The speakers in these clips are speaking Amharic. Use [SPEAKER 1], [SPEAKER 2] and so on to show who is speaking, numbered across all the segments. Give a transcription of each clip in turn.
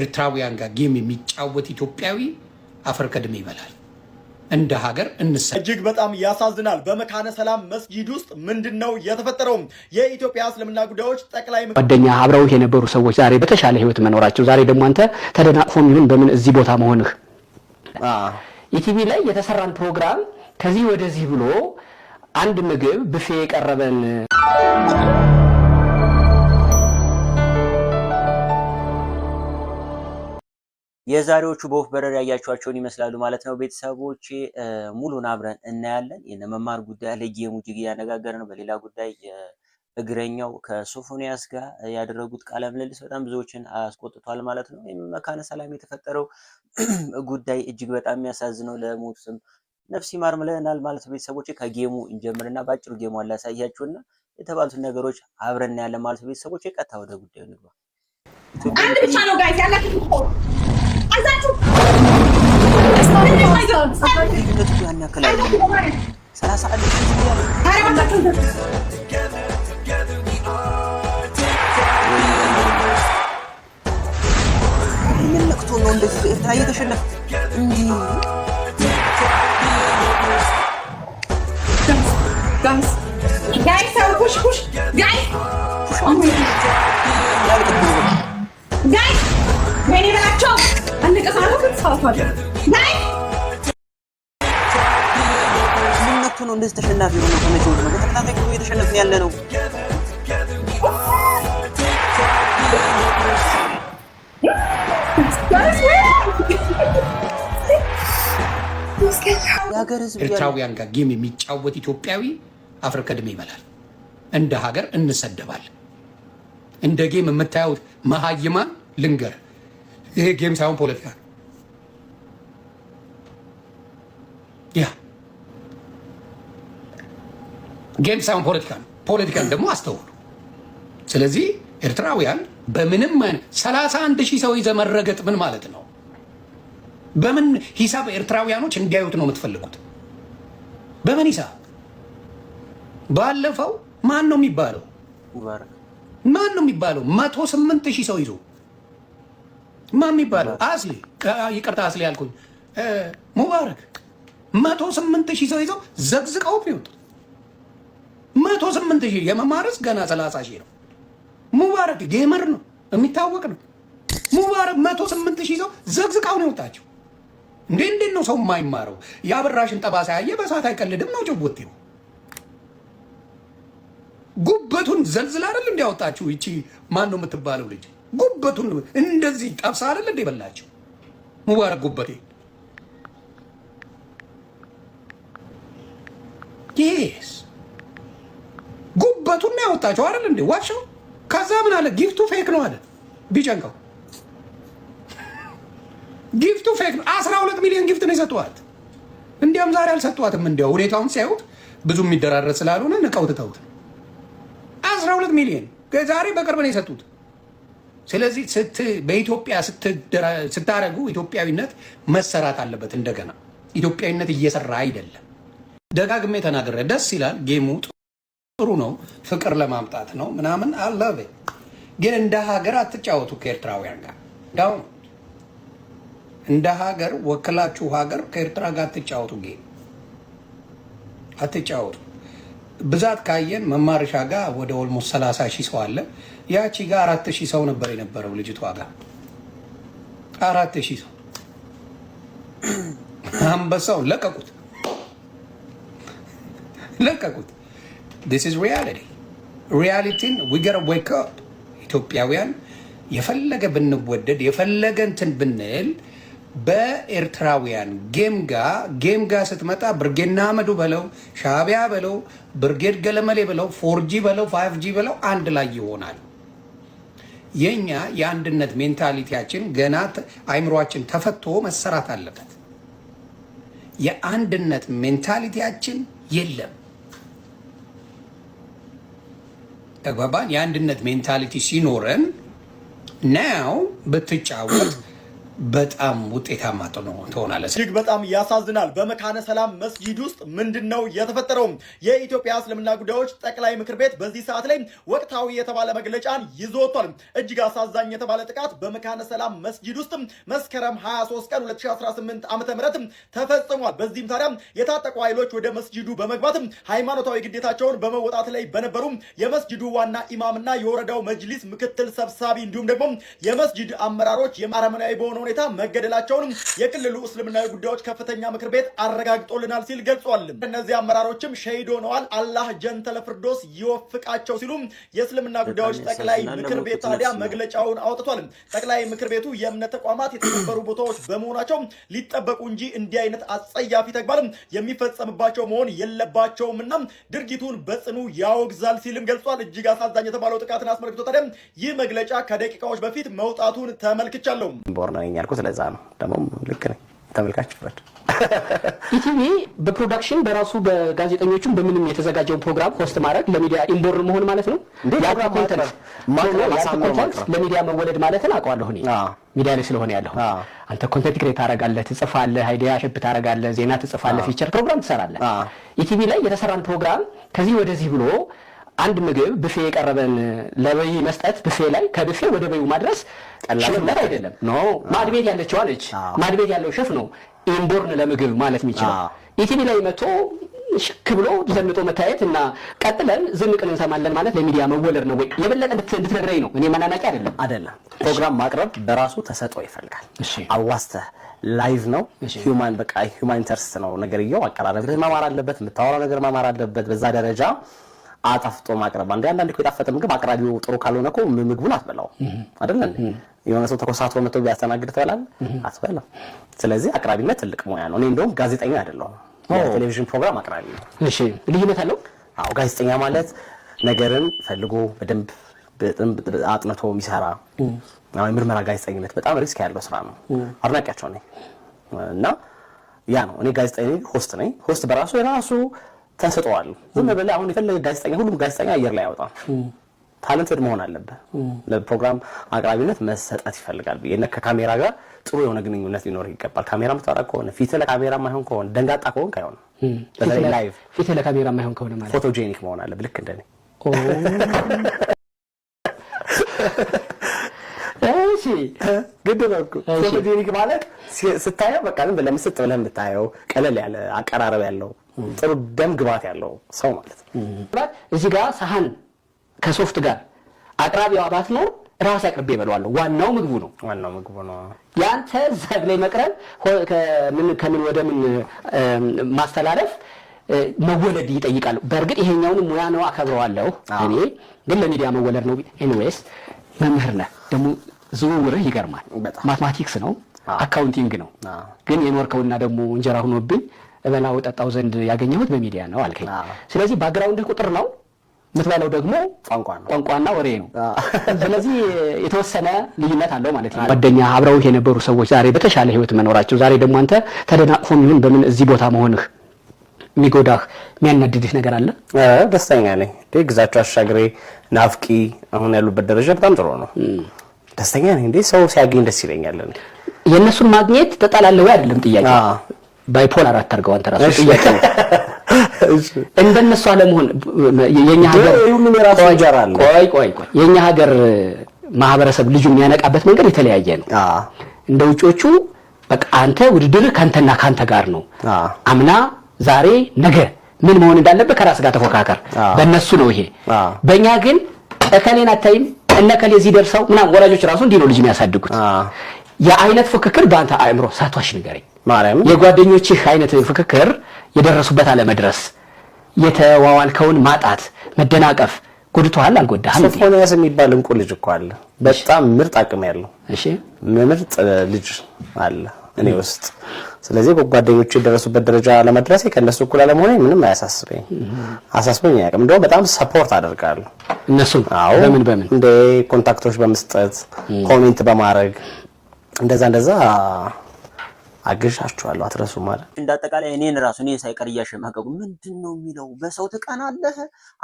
[SPEAKER 1] ኤርትራውያን ጋር ጌም የሚጫወት ኢትዮጵያዊ አፈር ከድሜ ይበላል። እንደ ሀገር እንሰ
[SPEAKER 2] እጅግ በጣም ያሳዝናል። በመካነ ሰላም መስጊድ ውስጥ ምንድን ነው የተፈጠረው? የኢትዮጵያ እስልምና ጉዳዮች ጠቅላይ
[SPEAKER 3] ጓደኛ አብረው የነበሩ ሰዎች ዛሬ በተሻለ ህይወት መኖራቸው፣ ዛሬ ደግሞ አንተ ተደናቅፎም ይሁን በምን እዚህ ቦታ መሆንህ
[SPEAKER 4] ኢቲቪ ላይ የተሰራን ፕሮግራም ከዚህ ወደዚህ ብሎ አንድ ምግብ ብፌ የቀረበን
[SPEAKER 5] የዛሬዎቹ በወፍ በረር ያያቸዋቸውን ይመስላሉ ማለት ነው። ቤተሰቦች ሙሉን አብረን እናያለን። መማር ጉዳይ ለጌሙ እጅግ እያነጋገረ ነው። በሌላ ጉዳይ እግረኛው ከሶፎንያስ ጋር ያደረጉት ቃለ ምልልስ በጣም ብዙዎችን አስቆጥቷል ማለት ነው። መካነ ሰላም የተፈጠረው ጉዳይ እጅግ በጣም የሚያሳዝነው ለሞቱትም ነፍስ ይማር ብለናል ማለት ቤተሰቦች ከጌሙ እንጀምርና በአጭሩ ጌሙ አላሳያችሁና የተባሉትን ነገሮች አብረን እናያለን ማለት ቤተሰቦች ቀጥታ ወደ ጉዳዩ ንግባ።
[SPEAKER 6] አንድ ብቻ ነው ያላችሁ Ay sen çok... ጋይስ ጋይስ ታውቁሽ ኩሽ ጋይስ ጋይስ ወይኔ በላቸው ነው እንደዚህ ተሸናፊ ሆነ ሆነ ጆሮ ነው በተከታታይ ጊዜ እየተሸነፍን ያለ ነው።
[SPEAKER 1] ኤርትራውያን ጋር ጌም የሚጫወት ኢትዮጵያዊ እንደ ሀገር እንደ ጌም የምታዩት መሀይማን ልንገር ይሄ ጌም ሳይሆን ፖለቲካ ነው። ያ ጌም ሳይሆን ፖለቲካ ነው። ፖለቲካን ደግሞ አስተውሉ። ስለዚህ ኤርትራውያን በምንም አይነት 31 አንድ ሺህ ሰው ይዘህ መረገጥ ምን ማለት ነው? በምን ሂሳብ ኤርትራውያኖች እንዲያዩት ነው የምትፈልጉት? በምን ሂሳብ? ባለፈው ማን ነው የሚባለው? ማን ነው የሚባለው? መቶ ስምንት ሺህ ሰው ይዞ ማን ይባላል? አስሊ ይቅርታ፣ አስሊ ያልኩኝ ሙባረክ መቶ ስምንት ሺህ ሰው ይዘው ዘግዝቀው ቢወጡ መቶ ስምንት ሺህ የመማረስ ገና ሰላሳ ሺህ ነው። ሙባረክ ጌመር ነው የሚታወቅ ነው። ሙባረክ መቶ ስምንት ሺህ ሰው ዘግዝቀው ነው የወጣቸው። እንዴ እንዴት ነው ሰው የማይማረው? የአበራሽን ጠባሳ ያየ በሳት አይቀልድም ነው ጭቦቴ ነው። ጉበቱን ዘልዝላ አይደል እንዲያወጣችሁ ይቺ ማን ነው የምትባለው ልጅ ጉበቱን እንደዚህ ጠብሳ አይደለ እንደ በላቸው ሙባረክ ጉበቴ። ስ ጉበቱን ያወጣቸው አይደል እንደ ዋሻው። ከዛ ምን አለ ጊፍቱ ፌክ ነው አለ ቢጨንቀው ጊፍቱ ፌክ ነው። አስራ ሁለት ሚሊዮን ጊፍት ነው የሰጠዋት። እንዲያውም ዛሬ አልሰጠዋትም። እንዲያው ሁኔታውን ሲያዩት ብዙ የሚደራረስ ስላልሆነ ንቀውት ተውት። አስራ ሁለት ሚሊዮን ዛሬ በቅርብ ነው የሰጡት። ስለዚህ በኢትዮጵያ ስታደረጉ ኢትዮጵያዊነት መሰራት አለበት። እንደገና ኢትዮጵያዊነት እየሰራ አይደለም። ደጋግሜ ተናግሬ ደስ ይላል፣ ጌሙ ጥሩ ነው፣ ፍቅር ለማምጣት ነው ምናምን አለበ። ግን እንደ ሀገር አትጫወቱ ከኤርትራውያን ጋር እንዳሁ እንደ ሀገር ወክላችሁ ሀገር ከኤርትራ ጋር አትጫወቱ፣ ጌ አትጫወቱ። ብዛት ካየን መማረሻ ጋር ወደ ኦልሞስት 30 ሺህ ሰው አለ። ያቺ ጋር አራት ሺህ ሰው ነበር የነበረው ልጅቷ ጋር አራት ሺህ ሰው አንበሳው ለቀቁት ለቀቁት። ዲስ ኢዝ ሪያሊቲ ሪያሊቲን ዊገር ዌክ አፕ ኢትዮጵያውያን የፈለገ ብንወደድ የፈለገ እንትን ብንል በኤርትራውያን ጌምጋ ጋ ስትመጣ ብርጌድና አመዱ በለው ሻቢያ በለው ብርጌድ ገለመሌ በለው ፎርጂ በለው ፋይቭ ጂ በለው አንድ ላይ ይሆናል። የኛ የአንድነት ሜንታሊቲያችን ገና አይምሯችን ተፈቶ መሰራት አለበት። የአንድነት ሜንታሊቲያችን የለም። ተግባባን። የአንድነት ሜንታሊቲ ሲኖረን ናው ብትጫወት በጣም ውጤታማ ትሆናለች።
[SPEAKER 2] እጅግ በጣም ያሳዝናል። በመካነ ሰላም መስጊድ ውስጥ ምንድን ነው የተፈጠረው? የኢትዮጵያ እስልምና ጉዳዮች ጠቅላይ ምክር ቤት በዚህ ሰዓት ላይ ወቅታዊ የተባለ መግለጫን ይዞ ወጥቷል። እጅግ አሳዛኝ የተባለ ጥቃት በመካነ ሰላም መስጊድ ውስጥ መስከረም 23 ቀን 2018 ዓ ም ተፈጽሟል። በዚህም ታዲያ የታጠቁ ኃይሎች ወደ መስጂዱ በመግባት ሃይማኖታዊ ግዴታቸውን በመወጣት ላይ በነበሩ የመስጂዱ ዋና ኢማምና የወረዳው መጅሊስ ምክትል ሰብሳቢ እንዲሁም ደግሞ የመስጂድ አመራሮች የአረመናዊ በሆነው ሁኔታ መገደላቸውንም የክልሉ እስልምናዊ ጉዳዮች ከፍተኛ ምክር ቤት አረጋግጦልናል ሲል ገልጿል። እነዚህ አመራሮችም ሸሂድ ሆነዋል። አላህ ጀንተለ ፍርዶስ ይወፍቃቸው ሲሉም የእስልምና ጉዳዮች ጠቅላይ ምክር ቤት ታዲያ መግለጫውን አውጥቷል። ጠቅላይ ምክር ቤቱ የእምነት ተቋማት የተከበሩ ቦታዎች በመሆናቸው ሊጠበቁ እንጂ እንዲህ አይነት አጸያፊ ተግባርም የሚፈጸምባቸው መሆን የለባቸውም እና ድርጊቱን በጽኑ ያወግዛል ሲልም ገልጿል። እጅግ አሳዛኝ የተባለው ጥቃትን አስመልክቶ ታዲያ ይህ መግለጫ ከደቂቃዎች በፊት መውጣቱን ተመልክቻለሁ።
[SPEAKER 7] ቦርናኛ ያልኩት ለዛ ነው። ደግሞ ልክ ነኝ። ተመልካች ፍረድ።
[SPEAKER 4] ኢቲቪ በፕሮዳክሽን በራሱ በጋዜጠኞቹም በምንም የተዘጋጀው ፕሮግራም ሆስት ማድረግ ለሚዲያ ኢምቦር መሆን ማለት ነው። ያልኩህ ለሚዲያ መወለድ ማለትን አውቀዋለሁ ሚዲያ ላይ ስለሆነ ያለሁ። አንተ ኮንተንት ክሬት ታደርጋለህ፣ ትጽፋለህ፣ አይዲያ ሸፕ ታደርጋለህ፣ ዜና ትጽፋለህ፣ ፊቸር ፕሮግራም ትሰራለህ። ኢቲቪ ላይ የተሰራን ፕሮግራም ከዚህ ወደዚህ ብሎ አንድ ምግብ ብፌ የቀረበን ለበይ መስጠት ብፌ ላይ ከብፌ ወደ በዩ ማድረስ ሽፍነት አይደለም። ኖ ማድቤት ያለችዋ ነች። ማድቤት ያለው ሸፍ ነው ኢምቦርን ለምግብ ማለት የሚችለው ኢቲቪ ላይ መቶ ሽክ ብሎ ዘምጦ መታየት እና ቀጥለን ዝንቅን እንሰማለን ማለት ለሚዲያ መወለድ ነው ወይ? የበለጠ እንድትነግረኝ ነው። እኔ መናናቂ አይደለም
[SPEAKER 7] አይደለም። ፕሮግራም ማቅረብ በራሱ ተሰጥኦ ይፈልጋል። አዋስተ ላይቭ ነው ሂውማን በቃ ሂውማን ኢንተርስት ነው ነገርየው። አቀራረብህ ማማር አለበት፣ የምታወራው ነገር ማማር አለበት። በዛ ደረጃ አጣፍጦ ማቅረብ አንድ አንዳንድ እኮ የጣፈጠ ምግብ አቅራቢው ጥሩ ካልሆነ እኮ ምግቡን አትበላው አይደል የሆነ ሰው ተኮሳትሮ መጥቶ ቢያስተናግድ ትበላል አትበላ ስለዚህ አቅራቢነት ትልቅ ሙያ ነው። እኔ እንደውም ጋዜጠኛ አይደለሁም፣ የቴሌቪዥን ፕሮግራም አቅራቢ ነው። ልዩነት አለው? አዎ፣ ጋዜጠኛ ማለት ነገርን ፈልጎ በደንብ አጥንቶ የሚሰራ ምርመራ የምርመራ ጋዜጠኝነት በጣም ሪስክ ያለው ስራ ነው። አድናቂያቸው ነኝ እና ያ ነው እኔ ጋዜጠ ሆስት ነኝ። ሆስት በራሱ የራሱ ተሰጠዋል። ዝም ብለህ አሁን የፈለገ ጋዜጠኛ ሁሉም ጋዜጠኛ አየር ላይ ያወጣ ታለንትድ መሆን አለብህ። ለፕሮግራም አቅራቢነት መሰጠት ይፈልጋል። ከካሜራ ጋር ጥሩ የሆነ ግንኙነት ሊኖር ይገባል። ካሜራ የምታወራ ከሆነ ፊት ለካሜራ ማይሆን ከሆነ ደንጋጣ ከሆን አይሆንም። በተለይ ላይቭ
[SPEAKER 4] ለካሜራ ማይሆን ከሆነ
[SPEAKER 7] ማለት ፎቶጄኒክ መሆን አለብህ። ልክ እንደኔ። እሺ ግድ ነው ፎቶጄኒክ ማለት ስታየው በቃ ዝም ብለህ ምስጥ ብለህ የምታየው ቀለል ያለ አቀራረብ ያለው ጥሩ ደም ግባት ያለው ሰው ማለት
[SPEAKER 4] ነው። እዚህ ጋር ሳህን ከሶፍት ጋር አቅራቢው አባት ነው። ራሴ አቅርቤ እበለዋለሁ። ዋናው ምግቡ ነው።
[SPEAKER 7] ዋናው ምግቡ ነው።
[SPEAKER 4] ያንተ ዘግ ላይ መቅረብ ከምን ከምን ወደ ምን ማስተላለፍ መወለድ ይጠይቃል። በእርግጥ ይሄኛውን ሙያ ነው አከብረዋለሁ። እኔ ግን ለሚዲያ መወለድ ነው። ኤኒዌይስ መምህር ነህ ደግሞ ዝውውርህ ይገርማል። ማትማቲክስ ነው፣ አካውንቲንግ ነው። ግን የኖርከውና ደግሞ እንጀራ ሁኖብኝ እበላው ጠጣው ዘንድ ያገኘሁት በሚዲያ ነው አልከኝ። ስለዚህ ባክግራውንድህ ቁጥር ነው የምትበላው ደግሞ ቋንቋና ወሬ ነው። ስለዚህ የተወሰነ ልዩነት አለው ማለት
[SPEAKER 3] ነው። ጓደኛ አብረው የነበሩ ሰዎች ዛሬ በተሻለ ህይወት መኖራቸው፣ ዛሬ ደግሞ አንተ ተደናቅፎም ይሁን በምን እዚህ ቦታ መሆንህ የሚጎዳህ የሚያናድድህ ነገር አለ?
[SPEAKER 7] ደስተኛ ነኝ። ግዛቸው አሻግሬ ናፍቂ አሁን ያሉበት ደረጃ በጣም ጥሩ ነው። ደስተኛ ነኝ። እንዴ ሰው ሲያገኝ ደስ ይለኛል።
[SPEAKER 4] የእነሱን ማግኘት ተጣላለሁ አይደለም ጥያቄ ባይፖላር አታርገዋል። ተራሱ ጥያቄ ነው። እንደነሱ አለመሆን የኛ
[SPEAKER 7] ሀገር
[SPEAKER 4] ቆይ ቆይ ቆይ የኛ ሀገር ማህበረሰብ ልጁ የሚያነቃበት መንገድ የተለያየ ነው። እንደ ውጮቹ በቃ አንተ ውድድር ካንተና ካንተ ጋር ነው። አምና ዛሬ ነገ ምን መሆን እንዳለበት ከራስ ጋር ተፎካከር። በእነሱ ነው ይሄ። በእኛ ግን እከሌን አታይም እነ ከሌ እዚህ ደርሰው ምናምን ወላጆች ራሱ እንዲህ ነው ልጅ የሚያሳድጉት። የአይነት ፉክክር በአንተ አእምሮ ሳቷሽ ንገረኝ። የጓደኞችህ አይነት ፉክክር የደረሱበት አለመድረስ፣ የተዋዋልከውን ማጣት፣ መደናቀፍ ጎድቶሃል አልጎዳህም?
[SPEAKER 7] ሶፎንያስ የሚባል እንቁ ልጅ እኮ አለ። በጣም ምርጥ አቅም ያለው ምርጥ ልጅ አለ እኔ ውስጥ። ስለዚህ ጓደኞቹ የደረሱበት ደረጃ ለመድረሴ ከእነሱ እኩል አለመሆኔ ምንም አያሳስበኝ፣ አሳስበኝ አያውቅም። እንደውም በጣም ሰፖርት አደርጋለሁ እነሱን። አዎ በምን በምን እንደ ኮንታክቶች በመስጠት ኮሜንት በማድረግ እንደዛ እንደዛ አግሻችኋለሁ አትረሱ ማለት
[SPEAKER 5] እንደ አጠቃላይ እኔን ራሱ እኔ ሳይቀር እያሸማቀቁ ምንድን ነው የሚለው በሰው ትቀናለህ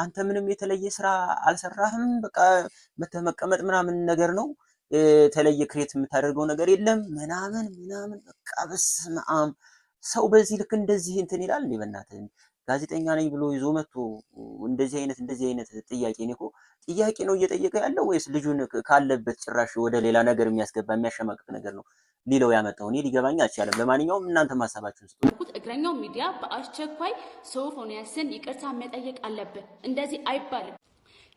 [SPEAKER 5] አንተ ምንም የተለየ ስራ አልሰራህም በቃ መተመቀመጥ ምናምን ነገር ነው የተለየ ክሬት የምታደርገው ነገር የለም ምናምን ምናምን በቃ በስመ አብ ሰው በዚህ ልክ እንደዚህ እንትን ይላል በእናትህ ጋዜጠኛ ነኝ ብሎ ይዞ መጥቶ እንደዚህ አይነት እንደዚህ አይነት ጥያቄ እኔ እኮ ጥያቄ ነው እየጠየቀ ያለው ወይስ ልጁን ካለበት ጭራሽ ወደ ሌላ ነገር የሚያስገባ የሚያሸማቅቅ ነገር ነው ሊለው ያመጣው እኔ ሊገባኝ አልቻለም። ለማንኛውም እናንተ ማሰባችሁን
[SPEAKER 6] ስጡ። እግረኛው ሚዲያ በአስቸኳይ ሶፎንያስን ይቅርታ መጠየቅ አለብን። እንደዚህ አይባልም።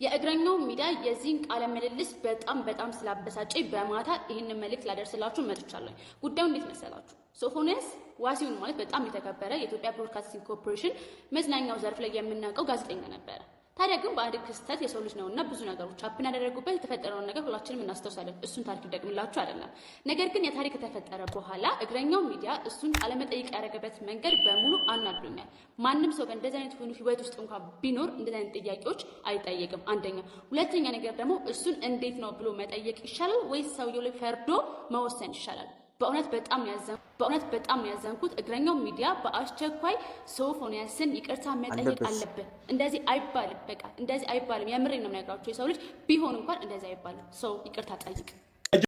[SPEAKER 6] የእግረኛው ሚዲያ የዚህን ቃለ ምልልስ በጣም በጣም ስላበሳጨኝ በማታ ይህንን መልእክት ላደርስላችሁ መጥቻለሁ። ጉዳዩ እንዴት መሰላችሁ? ሶፎንያስ ዋሲሁን ማለት በጣም የተከበረ የኢትዮጵያ ብሮድካስቲንግ ኮርፖሬሽን መዝናኛው ዘርፍ ላይ የምናውቀው ጋዜጠኛ ነበረ። ታዲያ ግን በአንድ ክስተት የሰው ልጅ ነውና ብዙ ነገሮች አፕን ያደረጉበት የተፈጠረውን ነገር ሁላችንም እናስታውሳለን። እሱን ታሪክ ደግምላችሁ አይደለም። ነገር ግን የታሪክ ከተፈጠረ በኋላ እግረኛው ሚዲያ እሱን ቃለመጠይቅ ያደረገበት መንገድ በሙሉ አናዶኛል። ማንም ሰው በእንደዚህ አይነት ሆኑ ህይወት ውስጥ እንኳ ቢኖር እንደዚህ አይነት ጥያቄዎች አይጠየቅም። አንደኛ። ሁለተኛ ነገር ደግሞ እሱን እንዴት ነው ብሎ መጠየቅ ይሻላል ወይስ ሰውየው ላይ ፈርዶ መወሰን ይሻላል? በእውነት በጣም ያዘ በእውነት በጣም ያዘንኩት። እግረኛው ሚዲያ በአስቸኳይ ሶፎንያስን ይቅርታ መጠየቅ አለብን። እንደዚህ አይባልም፣ በቃ እንደዚህ አይባልም። የምሬ ነው የምነግራቸው። የሰው ልጅ ቢሆን እንኳን እንደዚህ አይባልም። ሰው ይቅርታ ጠይቅ።